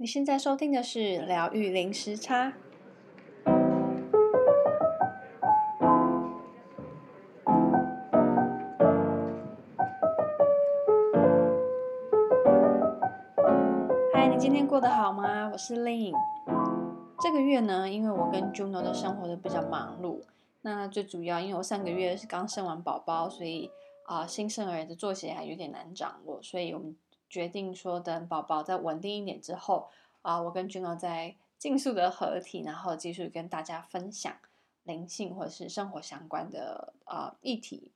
你現在收聽的是《聊癒零時差》。嗨，你今天過得好嗎？我是 Lynn。這個月呢，因為我跟 Juno 的生活都比較忙碌。那最主要，因為我上個月是剛生完寶寶，所以啊、呃，新生兒的作息還有點難掌握，所以我們，決定說，等寶寶再穩定一點之後啊、呃，我跟君諾再儘速的合體，然後繼續跟大家分享靈性或者是生活相關的呃議題。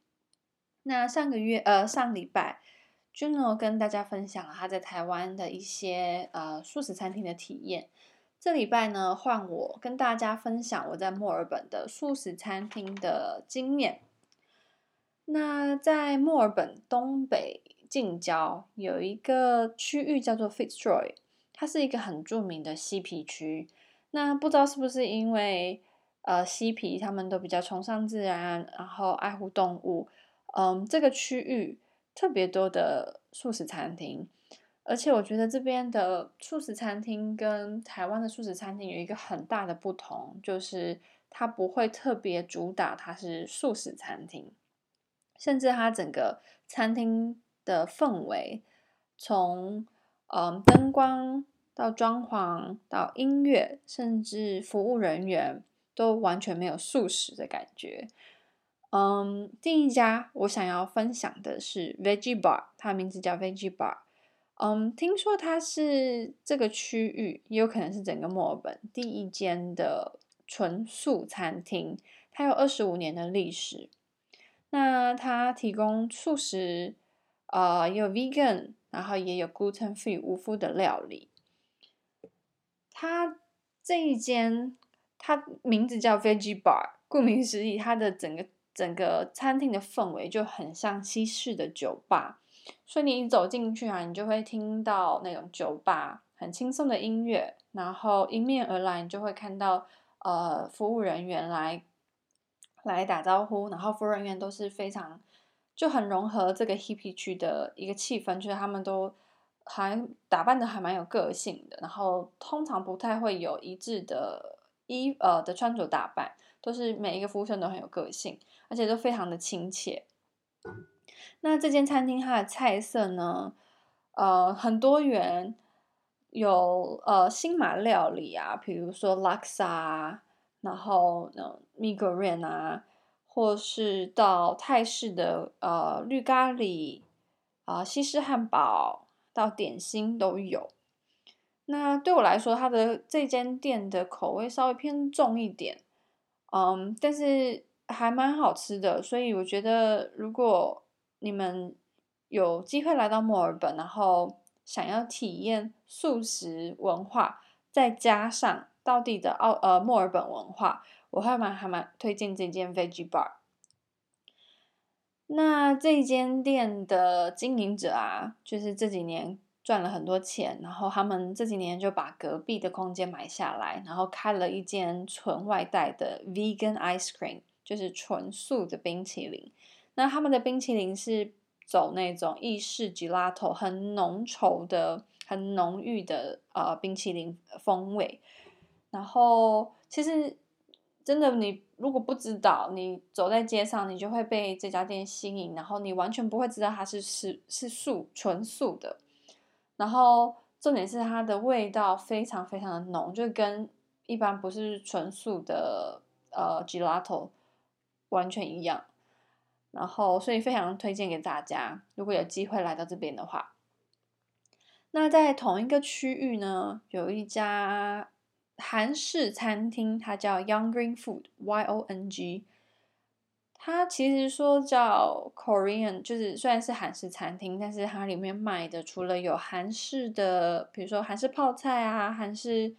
那上個月呃上禮拜，君諾跟大家分享了他在台灣的一些呃素食餐廳的體驗。這禮拜呢，換我跟大家分享我在墨爾本的素食餐廳的經驗。那在墨爾本東北。近郊有一個區域叫做 Fitzroy，它是一個很著名的嬉皮區。那不知道是不是因為呃嬉皮他們都比較崇尚自然，然後愛護動物，嗯，這個區域特別多的素食餐廳。而且我覺得這邊的素食餐廳跟台灣的素食餐廳有一個很大的不同，就是它不會特別主打它是素食餐廳，甚至它整個餐廳。的氛圍，從嗯燈光到裝潢到音樂，甚至服務人員都完全沒有素食的感覺。嗯，第一家我想要分享的是 Vegie Bar，它名字叫 Vegie Bar。嗯，聽說它是這個區域，也有可能是整個墨爾本第一間的純素餐廳，它有二十五年的歷史。那它提供素食。呃，也有 vegan，然後也有 gluten free 無麩的料理。它這一間，它名字叫 veggie bar，顧名思義，它的整個整個餐廳的氛圍就很像西式的酒吧。所以你一走進去啊，你就會聽到那種酒吧很輕鬆的音樂，然後迎面而來，你就會看到呃服務人員來來打招呼，然後服務人員都是非常。就很融合這個 hippie 區的一個氣氛，就是他們都還打扮得還蠻有個性的，然後通常不太會有一致的衣呃的穿着打扮，都是每一個服務生都很有個性，而且都非常的親切。嗯、那這間餐廳它的菜色呢，呃很多元有，有呃新馬料理啊，比如說 Laksa 啊，然後呢 Mee Goreng 啊。或是到泰式的呃綠咖喱啊、呃，西式漢堡到點心都有。那對我來說，它的這間店的口味稍微偏重一點，嗯，但是還蠻好吃的。所以我覺得，如果你們有機會來到墨爾本，然後想要體驗素食文化，再加上當地的澳呃墨爾本文化。我還蠻還蠻推薦這間 veggie bar。那這間店的經營者啊，就是這幾年賺了很多錢，然後他們這幾年就把隔壁的空間買下來，然後開了一間純外帶的 vegan ice cream，就是純素的冰淇淋。那他們的冰淇淋是走那種意式 gelato，很濃稠的、很濃郁的呃冰淇淋風味。然後其實。真的，你如果不知道，你走在街上，你就會被這家店吸引，然後你完全不會知道它是是是素純素的。然後重點是它的味道非常非常的濃，就跟一般不是純素的呃 Gelato 完全一樣。然後所以非常推薦給大家，如果有機會來到這邊的話，那在同一個區域呢，有一家。韓式餐廳，它叫 Yong Green Food Y O N G。它其實說叫 Korean，就是雖然是韓式餐廳，但是它裡面賣的除了有韓式的，比如說韓式泡菜啊、韓式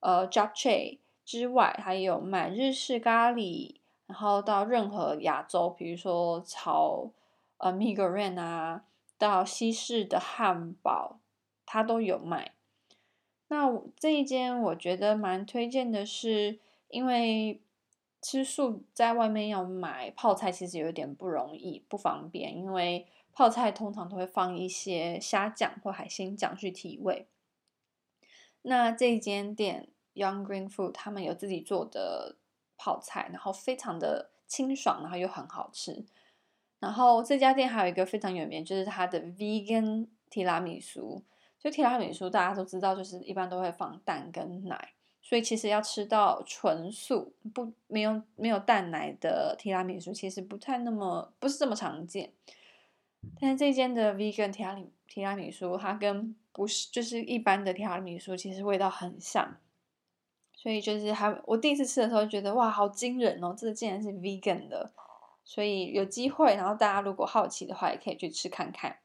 呃 Japchae 之外，還有賣日式咖喱，然後到任何亞洲，比如說炒呃 Mi Goreng 啊，到西式的漢堡，它都有賣。那我這一間我覺得蠻推薦的是，是因為吃素在外面要買泡菜，其實有點不容易、不方便。因為泡菜通常都會放一些蝦醬或海鮮醬去提味。那這一間店 Young Green Food 他們有自己做的泡菜，然後非常的清爽，然後又很好吃。然後這家店還有一個非常有名，就是它的 Vegan 提拉米蘇。就提拉米蘇，大家都知道，就是一般都會放蛋跟奶，所以其實要吃到純素不沒有沒有蛋奶的提拉米蘇，其實不太那麼不是這麼常見。但是這間的 vegan 提拉米提拉米蘇，它跟不是就是一般的提拉米蘇其實味道很像，所以就是還我第一次吃的時候覺得哇，好驚人哦，這竟然是 vegan 的。所以有機會，然後大家如果好奇的話，也可以去吃看看。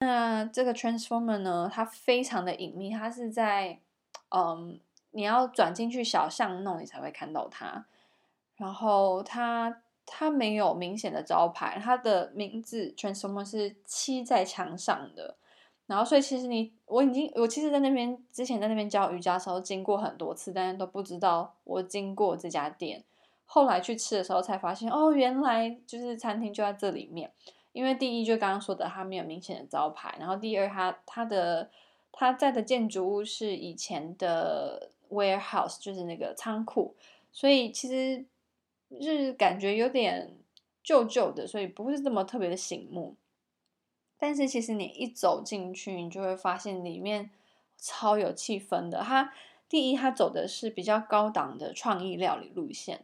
那這個 Transformer 呢，它非常的隱秘，它是在，嗯，你要轉進去小巷弄，你才會看到它。然後它它沒有明顯的招牌，它的名字 Transformer 是漆在牆上的。然後所以其實你，我已經我其實在那邊之前在那邊教瑜伽的時候經過很多次，但是都不知道我經過這家店。後來去吃的時候才發現，哦，原來就是餐廳就在這裡面。因為第一就剛剛說的，它沒有明顯的招牌，然後第二他，它它的它在的建築物是以前的 warehouse，就是那個倉庫，所以其實就是感覺有點舊舊的，所以不是這麼特別的醒目。但是其實你一走進去，你就會發現裡面超有氣氛的。它第一，它走的是比較高檔的創意料理路線，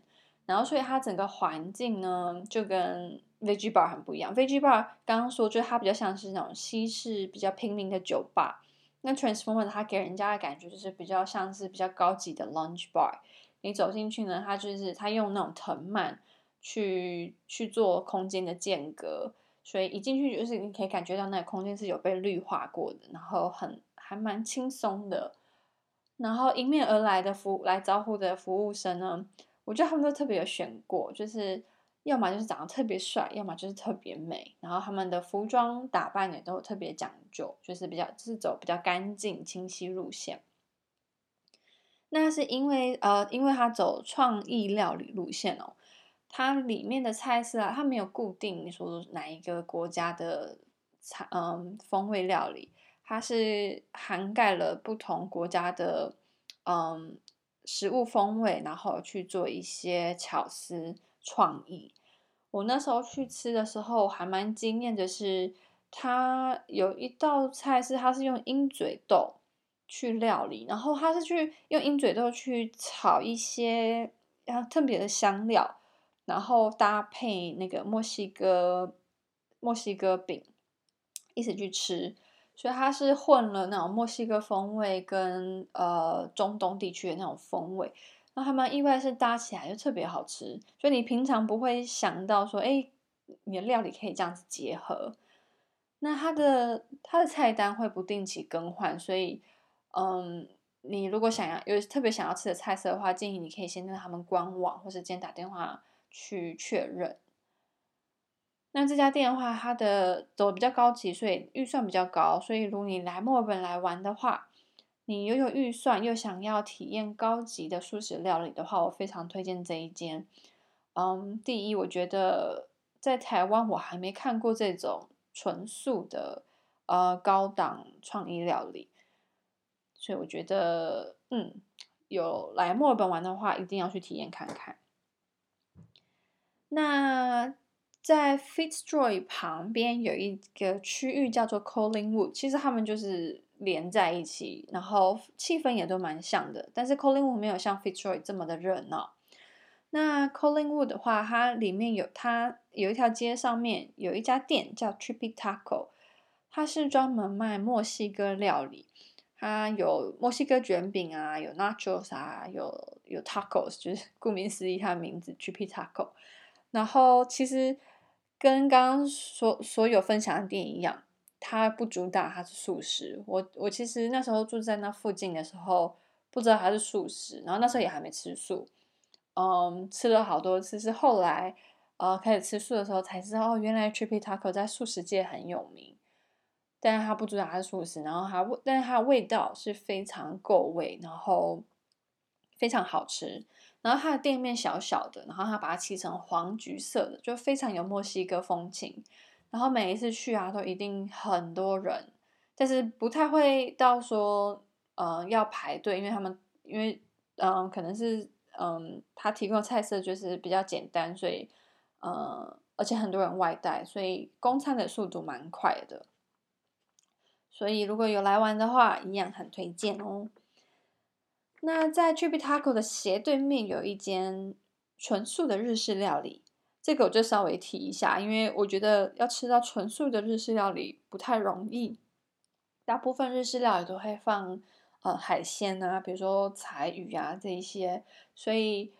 然後所以它整個環境呢就跟。Veggie Bar 很不一樣 Veggie Bar 剛剛說就是它比較像是那種西式比較平民的酒吧，那 Transformer 它給人家的感覺就是比較像是比較高級的 l u n c h Bar。你走進去呢，它就是它用那種藤蔓去去做空間的間隔，所以一進去就是你可以感覺到那個空間是有被綠化過的，然後很還蠻輕鬆的。然後迎面而來的服務來招呼的服務生呢，我覺得他們都特別有選過，就是。要麼就是長得特別帥，要麼就是特別美，然後他們的服裝打扮也都特別講究，就是比較就是走比較乾淨、清晰路線。那是因為呃，因為它走創意料理路線哦，它裡面的菜式啊，它沒有固定你說哪一個國家的菜，嗯，風味料理，它是涵蓋了不同國家的嗯食物風味，然後去做一些巧思。創意，我那時候去吃的時候還蠻驚艷的是，是它有一道菜是它是用鷹嘴豆去料理，然後它是去用鷹嘴豆去炒一些啊特別的香料，然後搭配那個墨西哥墨西哥餅一起去吃，所以它是混了那種墨西哥風味跟呃中東地區的那種風味。那還蠻意外的，是搭起來就特別好吃，所以你平常不會想到說，哎，你的料理可以這樣子結合。那它的它的菜單會不定期更換，所以，嗯，你如果想要有特別想要吃的菜色的話，建議你可以先在他們官網或是先打電話去確認。那這家店的話，它的走比較高級，所以預算比較高，所以如果你來墨爾本來玩的話，你又有預算又想要體驗高級的素食料理的話，我非常推薦這一間。嗯，第一，我覺得在台灣我還沒看過這種純素的呃高檔創意料理，所以我覺得嗯，有來墨爾本玩的話，一定要去體驗看看。那在 Fitzroy 旁邊有一個區域叫做 Collingwood，其實他們就是。連在一起，然後氣氛也都蠻像的，但是 Collingwood 沒有像 Fitzroy 這麼的熱鬧。那 Collingwood 的話，它裡面有，它有一條街上面有一家店叫 Chippy Taco，它是專門賣墨西哥料理，它有墨西哥捲餅啊，有 Nachos 啊，有有 Tacos，就是顧名思義，它的名字 Chippy Taco。然後其實跟剛剛所所有分享的店一樣。它不主打，它是素食。我我其實那時候住在那附近的時候，不知道它是素食，然後那時候也還沒吃素，嗯，吃了好多次。是後來呃開始吃素的時候，才知道哦，原來 Trippy Taco 在素食界很有名。但是它不主打是素食，然後它但是它的味道是非常夠味，然後非常好吃。然後它的店面小小的，然後它把它漆成黃橘色的，就非常有墨西哥風情。然後每一次去啊，都一定很多人，但是不太會到說，呃、嗯，要排隊，因為他們因為，嗯可能是，嗯，他提供的菜色就是比較簡單，所以，嗯而且很多人外帶，所以供餐的速度蠻快的。所以如果有來玩的話，一樣很推薦哦。那在 Chibitaco 的斜對面有一間純素的日式料理。這個我就稍微提一下，因為我覺得要吃到純素的日式料理不太容易，大部分日式料理都會放呃、嗯、海鮮吶、啊，比如說柴魚啊這一些，所以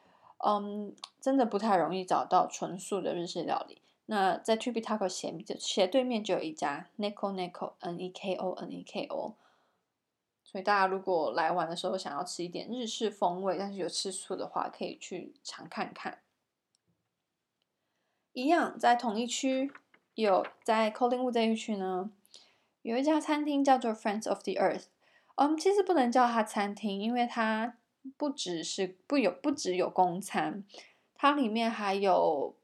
嗯，真的不太容易找到純素的日式料理。那在 Tributaco 斜斜對面就有一家 Neko Neko N E K O N E K O，所以大家如果來玩的時候想要吃一點日式風味，但是有吃素的話，可以去嘗看看。一樣，在同一區有在 Collingwood 這一區呢，有一家餐廳叫做 Friends of the Earth。嗯、um，其實不能叫它餐廳，因為它不只是不有不只有供餐，它裡面還有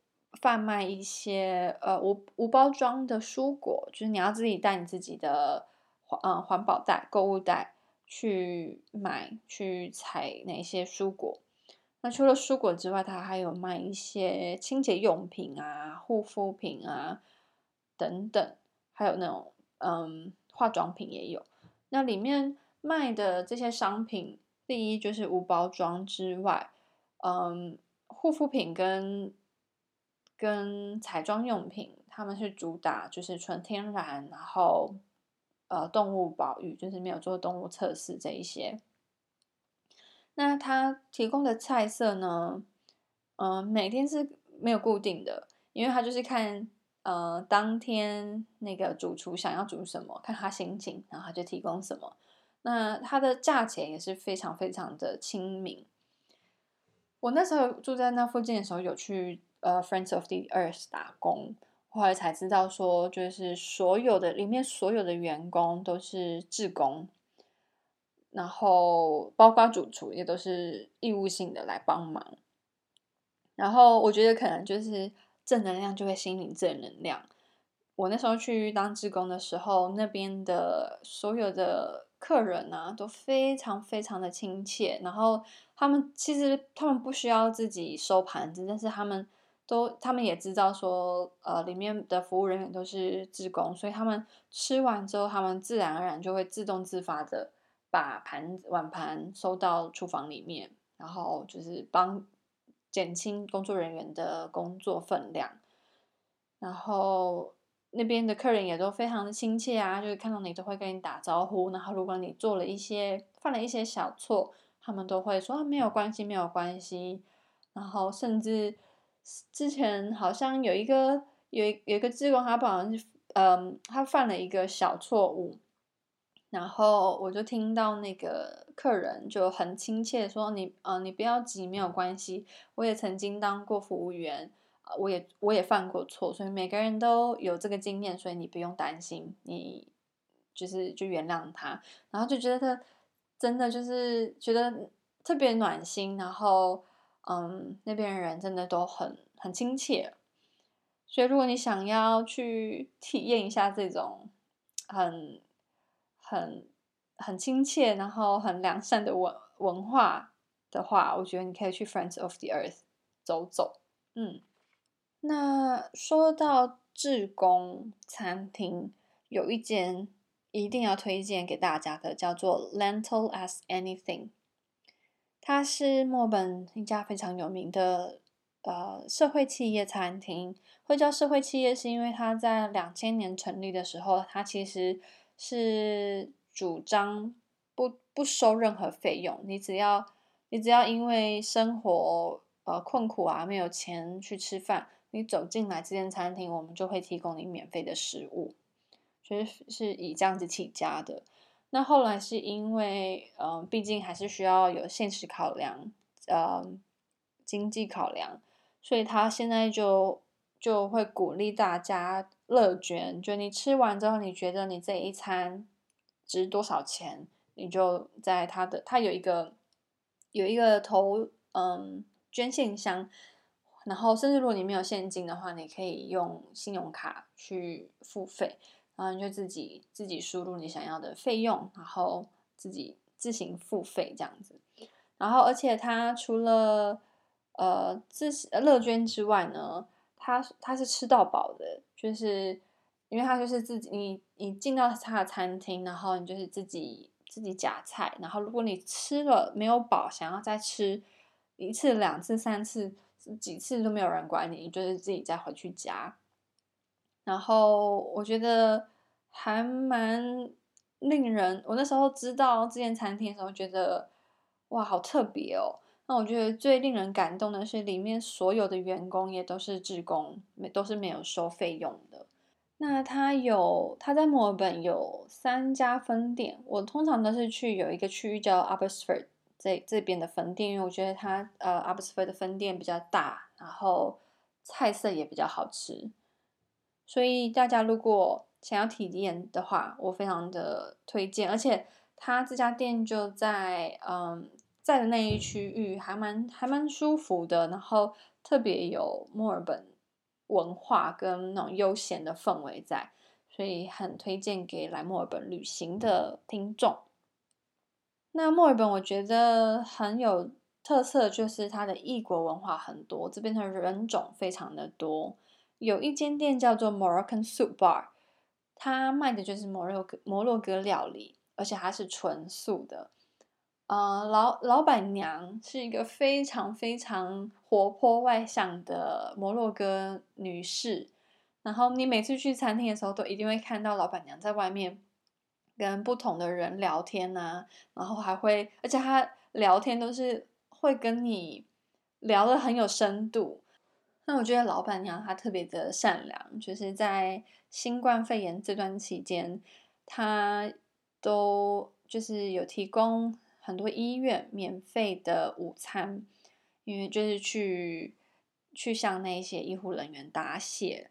販賣一些呃無無包裝的蔬果，就是你要自己帶你自己的環、嗯、環保袋、購物袋去買去採哪些蔬果。那除了蔬果之外，它還有賣一些清潔用品啊、護膚品啊等等，還有那種嗯化妝品也有。那裡面賣的這些商品，第一就是無包裝之外，嗯，護膚品跟跟彩妝用品，他們是主打就是純天然，然後呃動物保育，就是沒有做動物測試這一些。那他提供的菜色呢？嗯、呃，每天是沒有固定的，因為他就是看呃當天那個主廚想要煮什麼，看他心情，然後他就提供什麼。那它的價錢也是非常非常的親民。我那時候住在那附近的時候，有去呃 Friends of the Earth 打工，後來才知道說，就是所有的裡面所有的員工都是志工。然後，包括主廚也都是義務性的來幫忙。然後，我覺得可能就是正能量就會吸引正能量。我那時候去當志工的時候，那邊的所有的客人啊，都非常非常的親切。然後，他們其實他們不需要自己收盤子，但是他們都他們也知道說，呃，裡面的服務人員都是志工，所以他們吃完之後，他們自然而然就會自動自發的。把盤子碗盤收到廚房裡面，然後就是幫減輕工作人員的工作分量。然後那邊的客人也都非常的親切啊，就是看到你都會跟你打招呼。然後如果你做了一些犯了一些小錯，他們都會說啊，沒有關係，沒有關係。然後甚至之前好像有一個有有一個志工他，他好像嗯他犯了一個小錯誤。然後我就聽到那個客人就很親切說：“你，嗯，你不要急，沒有關係。我也曾經當過服務員，啊，我也我也犯過錯，所以每個人都有這個經驗，所以你不用擔心，你就是就原諒他。然後就覺得他真的就是覺得特別暖心。然後，嗯，那邊的人真的都很很親切，所以如果你想要去體驗一下這種很……很很親切，然後很良善的文文化的話，我覺得你可以去 Friends of the Earth 走走。嗯，那說到志工餐廳，有一間一定要推薦給大家的叫做 Lentil as Anything，它是墨本一家非常有名的呃社會企業餐廳。會叫社會企業，是因為它在兩千年成立的時候，它其實。是主張不不收任何費用，你只要你只要因為生活呃困苦啊沒有錢去吃飯，你走進來這間餐廳，我們就會提供你免費的食物，所以是以這樣子起家的。那後來是因為嗯、呃，畢竟還是需要有現實考量嗯、呃，經濟考量，所以他現在就。就會鼓勵大家樂捐，就你吃完之後，你覺得你這一餐值多少錢，你就在他的他有一個有一個投嗯捐獻箱，然後甚至如果你沒有現金的話，你可以用信用卡去付費，然後你就自己自己輸入你想要的費用，然後自己自行付費這樣子，然後而且它除了呃自呃樂捐之外呢。他他是吃到飽的，就是因為他就是自己，你你進到他的餐廳，然後你就是自己自己夾菜，然後如果你吃了沒有飽，想要再吃一次、兩次、三次、幾次都沒有人管你，你就是自己再回去夾。然後我覺得還蠻令人，我那時候知道這間餐廳的時候，覺得哇，好特別哦。那我覺得最令人感動的是，裡面所有的員工也都是志工，沒都是沒有收費用的。那他有他在墨爾本有三家分店，我通常都是去有一個區域叫 Abbotsford 這，這邊的分店，因為我覺得它呃 Abbotsford 的分店比較大，然後菜色也比較好吃。所以大家如果想要體驗的話，我非常的推薦。而且他這家店就在嗯。在的那一區域還蠻還蠻舒服的，然後特別有墨爾本文化跟那種悠閒的氛圍在，所以很推薦給來墨爾本旅行的聽眾。那墨爾本我覺得很有特色，就是它的異國文化很多，這邊的人種非常的多。有一間店叫做 Moroccan Soup Bar，它賣的就是摩洛摩洛哥料理，而且它是純素的。呃，老老闆娘是一個非常非常活潑外向的摩洛哥女士。然後你每次去餐廳的時候，都一定會看到老闆娘在外面跟不同的人聊天啊。然後還會，而且她聊天都是會跟你聊得很有深度。那我覺得老闆娘她特別的善良，就是在新冠肺炎這段期間，她都就是有提供。很多醫院免費的午餐，因為就是去去向那些醫護人員答謝。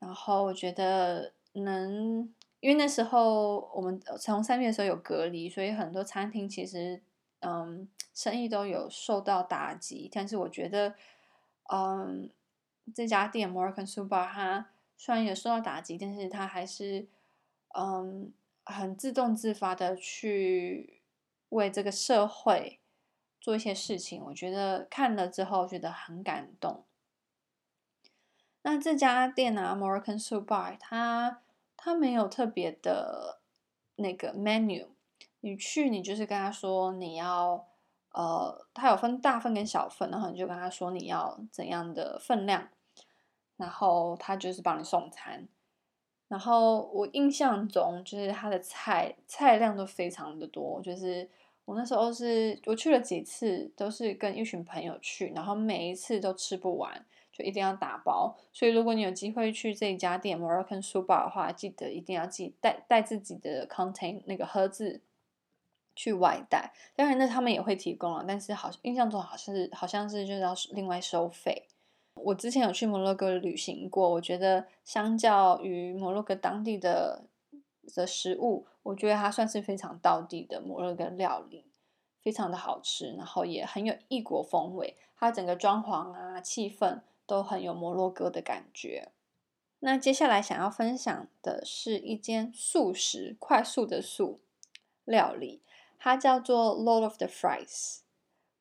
然後我覺得能，因為那時候我們從三月的時候有隔離，所以很多餐廳其實嗯生意都有受到打擊。但是我覺得嗯這家店 Moroccan Soup Bar 它雖然有受到打擊，但是它還是嗯很自動自發的去。為這個社會做一些事情，我覺得看了之後覺得很感動。那這家店呢、啊、，American s u b a r 它它沒有特別的那個 menu，你去你就是跟他說你要呃，它有分大份跟小份，然後你就跟他說你要怎樣的分量，然後他就是幫你送餐。然後我印象中，就是它的菜菜量都非常的多。就是我那時候是我去了幾次，都是跟一群朋友去，然後每一次都吃不完，就一定要打包。所以如果你有機會去這一家店 Moroccan Super 的話，記得一定要記帶帶自己的 container 那個盒子去外帶。當然，那他們也會提供啊，但是好印象中好像是好像是就是要另外收費。我之前有去摩洛哥旅行過，我覺得相較於摩洛哥當地的的食物，我覺得它算是非常道地的摩洛哥料理，非常的好吃，然後也很有異國風味。它整個裝潢啊、氣氛都很有摩洛哥的感覺。那接下來想要分享的是一間素食快速的素料理，它叫做 Lord of the Fries。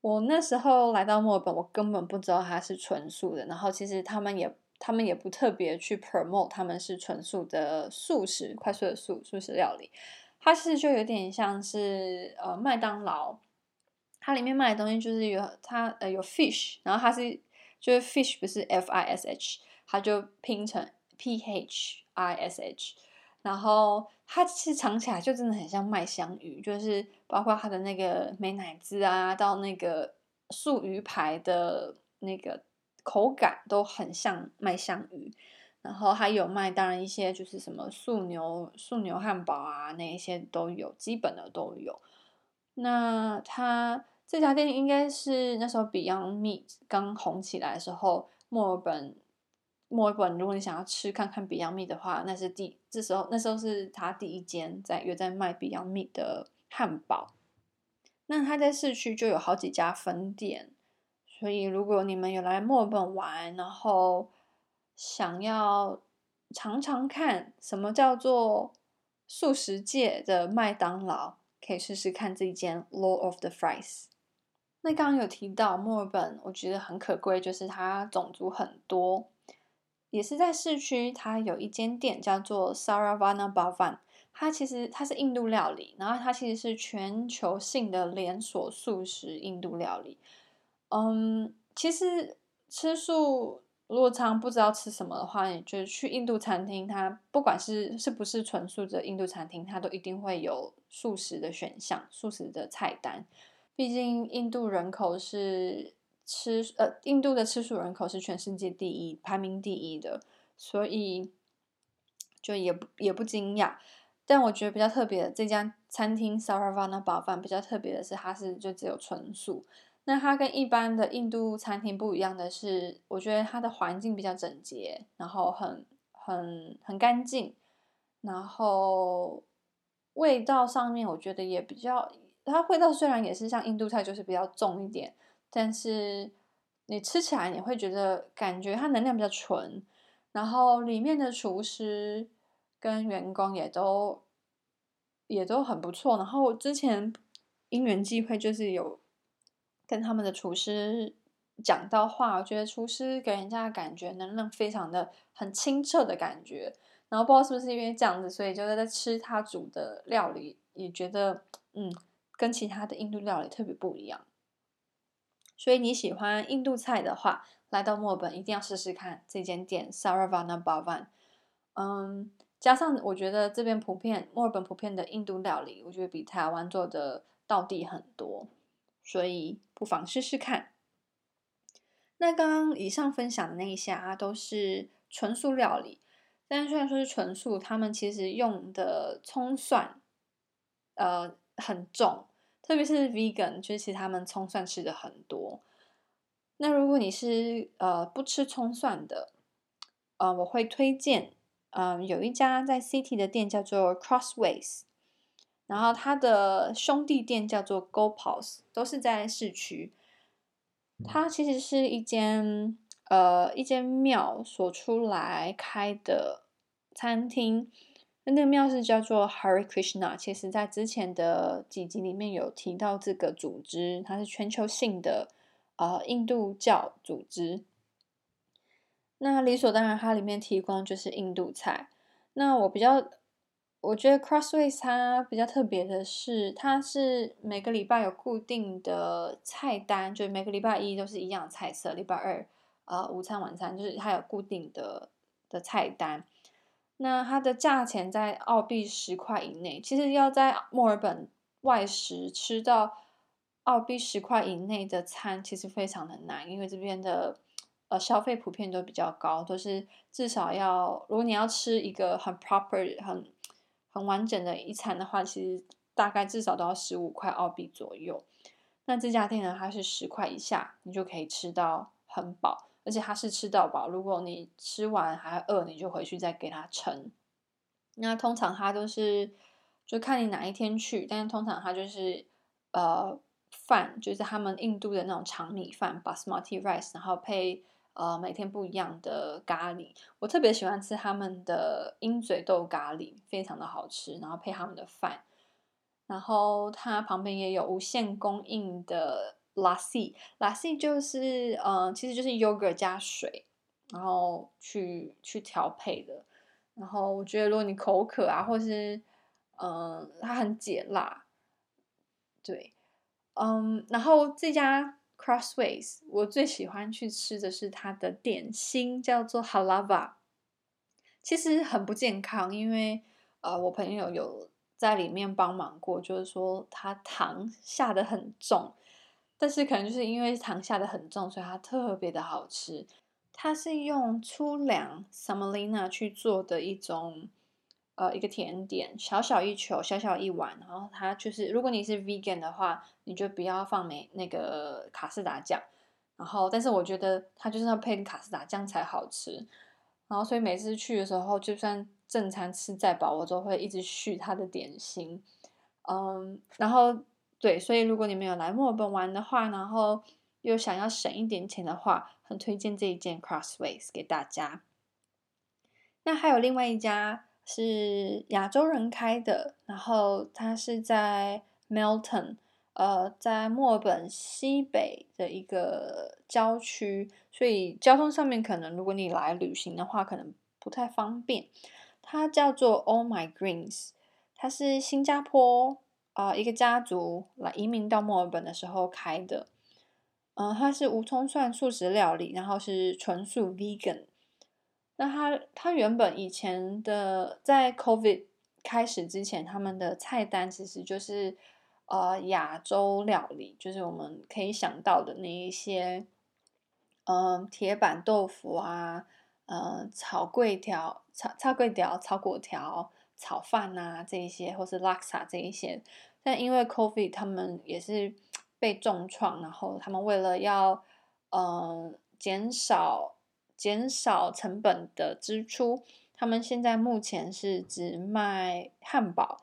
我那時候來到墨爾本，我根本不知道它是純素的。然後其實他們也他們也不特別去 promote 他們是純素的素食、快速的素素食料理。它是就有點像是呃麥當勞，它裡面賣的東西就是有它呃有 fish，然後它是就是 fish 不是 F I S H，它就拼成 P H I S H。I s h, 然後它其實嚐起來就真的很像麥香魚，就是包括它的那個美乃滋啊，到那個素魚排的那個口感都很像麥香魚。然後還有賣，當然一些就是什麼素牛、素牛漢堡啊，那一些都有，基本的都有。那它這家店應該是那時候 Beyond Meat 剛紅起來的時候，墨爾本。墨爾本，如果你想要吃看看比 e y 的話，那是第這時候，那時候是他第一間在有在賣比 e y 的漢堡。那他在市區就有好幾家分店，所以如果你們有來墨爾本玩，然後想要嘗嘗看什麼叫做素食界的麥當勞，可以試試看這一間 l a w of the Fries。那剛剛有提到墨爾本，我覺得很可貴，就是它種族很多。也是在市區，它有一間店叫做 Saravana Bhavan，它其實它是印度料理，然後它其實是全球性的連鎖素食印度料理。嗯，其實吃素如果常不知道吃什麼的話，你就去印度餐廳它，它不管是是不是純素的印度餐廳，它都一定會有素食的選項、素食的菜單。畢竟印度人口是。吃呃，印度的吃素人口是全世界第一，排名第一的，所以就也不也不驚訝。但我覺得比較特別的這家餐廳 Saravana 包飯比較特別的是，它是就只有純素。那它跟一般的印度餐廳不一樣的是，我覺得它的環境比較整潔，然後很很很乾淨，然後味道上面我覺得也比較，它味道雖然也是像印度菜，就是比較重一點。但是你吃起來你會覺得感覺它能量比較純，然後裡面的廚師跟員工也都也都很不錯。然後我之前因緣際會就是有跟他們的廚師講到話，我覺得廚師給人家的感覺能量非常的很清澈的感覺。然後不知道是不是因為這樣子，所以就在吃他煮的料理，也覺得嗯，跟其他的印度料理特別不一樣。所以你喜歡印度菜的話，來到墨爾本一定要試試看這間店 Saravana Bhavan。嗯，加上我覺得這邊普遍墨爾本普遍的印度料理，我覺得比台灣做的道地很多，所以不妨試試看。那剛剛以上分享的那一些啊，都是純素料理，但雖然說是純素，他們其實用的蔥蒜，呃，很重。特別是 vegan，就是其實他們蔥蒜吃得很多。那如果你是呃不吃蔥蒜的，呃，我會推薦，嗯、呃，有一家在 City 的店叫做 Crossways，然後它的兄弟店叫做 Gopal's，都是在市區。它其實是一間呃一間廟所出來開的餐廳。那個廟是叫做 Hare Krishna，其實在之前的幾集裡面有提到這個組織，它是全球性的呃印度教組織。那理所當然，它裡面提供就是印度菜。那我比較，我覺得 Crossways 它比較特別的是，它是每個禮拜有固定的菜單，就每個禮拜一都是一樣菜色，禮拜二啊、呃、午餐晚餐就是它有固定的的菜單。那它的價錢在澳幣十塊以內，其實要在墨爾本外食吃到澳幣十塊以內的餐，其實非常的難，因為這邊的呃消費普遍都比較高，都是至少要，如果你要吃一個很 proper、很很完整的一餐的話，其實大概至少都要十五塊澳幣左右。那這家店呢，它是十塊以下，你就可以吃到很飽。而且他是吃到飽，如果你吃完還餓，你就回去再給他盛。那通常他都是，就看你哪一天去，但是通常他就是，呃，飯就是他們印度的那種長米飯 （Basmati Rice），然後配呃每天不一樣的咖喱。我特別喜歡吃他們的鷹嘴豆咖喱，非常的好吃，然後配他們的飯。然後它旁邊也有無限供應的。Lassi，Lassi 就是嗯，其實就是 yogurt 加水，然後去去調配的。然後我覺得如果你口渴啊，或是嗯，它很解辣。對，嗯，然後這家 Crossways 我最喜歡去吃的是它的點心，叫做 Halava。其實很不健康，因為呃，我朋友有在裡面幫忙過，就是說它糖下得很重。但是可能就是因為糖下的很重，所以它特別的好吃。它是用粗糧 semolina 去做的一種，呃，一個甜點，小小一球，小小一碗。然後它就是，如果你是 vegan 的話，你就不要放沒那個卡士達醬。然後，但是我覺得它就是要配個卡士達醬才好吃。然後，所以每次去的時候，就算正餐吃再飽，我都會一直續它的點心。嗯，然後。對，所以如果你們有來墨爾本玩的話，然後又想要省一點錢的話，很推薦這一間 Crossways 給大家。那還有另外一家是亞洲人開的，然後它是在 Melton，呃，在墨爾本西北的一個郊區，所以交通上面可能如果你來旅行的話，可能不太方便。它叫做 All My Greens，它是新加坡啊，一個家族來移民到墨爾本的時候開的，嗯，它是無蔥蒜素食料理，然後是純素 vegan。那他他原本以前的在 COVID 開始之前，他們的菜單其實就是呃亞洲料理，就是我們可以想到的那一些，嗯，鐵板豆腐啊，呃、嗯，炒粿條、炒炒粿條、炒粿條、炒飯啊這一些，或是 Laksa、啊、這一些。但因為 COVID 他們也是被重創，然後他們為了要，呃、嗯，減少減少成本的支出，他們現在目前是只賣漢堡，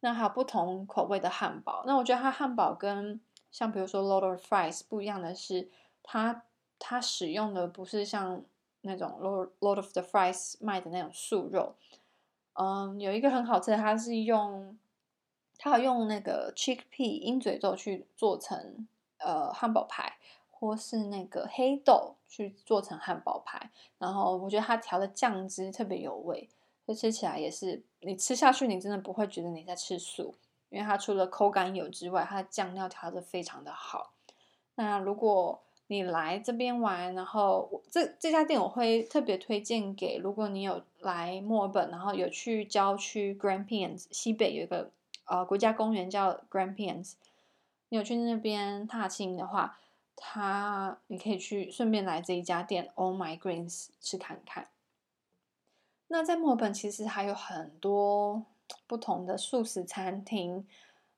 那還有不同口味的漢堡。那我覺得它漢堡跟像比如說 Lord of Fries 不一樣的是，它它使用的不是像那種 Lord Lord of the Fries 賣的那種素肉，嗯，有一個很好吃的，它是用。他有用那個 chickpea 鷹嘴豆去做成呃漢堡排，或是那個黑豆去做成漢堡排，然後我覺得他調的醬汁特別有味，這吃起來也是你吃下去，你真的不會覺得你在吃素，因為它除了口感有之外，它的醬料調的非常的好。那如果你來這邊玩，然後這這家店我會特別推薦給，如果你有來墨爾本，然後有去郊區 Grampians，西北有一個。呃，國家公園叫 Grampians，你有去那邊踏青的話，它你可以去順便來這一家店 Oh My Greens 去看看。那在墨爾本其實還有很多不同的素食餐廳，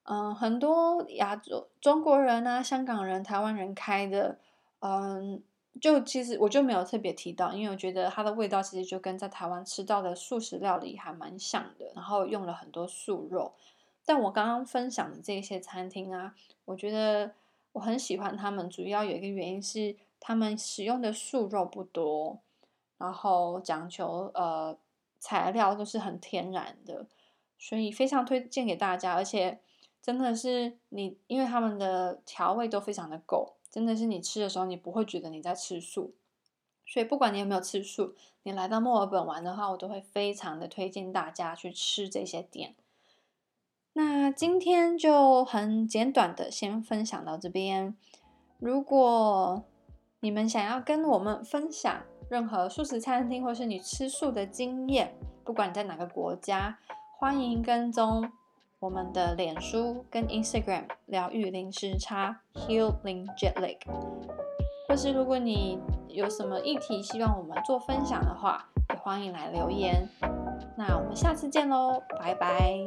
嗯，很多亞洲中國人啊、香港人、台灣人開的，嗯，就其實我就沒有特別提到，因為我覺得它的味道其實就跟在台灣吃到的素食料理還蠻像的，然後用了很多素肉。但我剛剛分享的這些餐廳啊，我覺得我很喜歡他們，主要有一個原因是他們使用的素肉不多，然後講求呃材料都是很天然的，所以非常推薦給大家。而且真的是你，因為他們的調味都非常的夠，真的是你吃的時候你不會覺得你在吃素。所以不管你有沒有吃素，你來到墨爾本玩的話，我都會非常的推薦大家去吃這些店。那今天就很簡短的先分享到這邊。如果你們想要跟我們分享任何素食餐廳，或是你吃素的經驗，不管你在哪個國家，歡迎跟蹤我們的臉書跟 Instagram“ 聊癒零時差 Healing Jet Lag”。或是如果你有什麼議題希望我們做分享的話，也歡迎來留言。那我們下次見嘍，拜拜。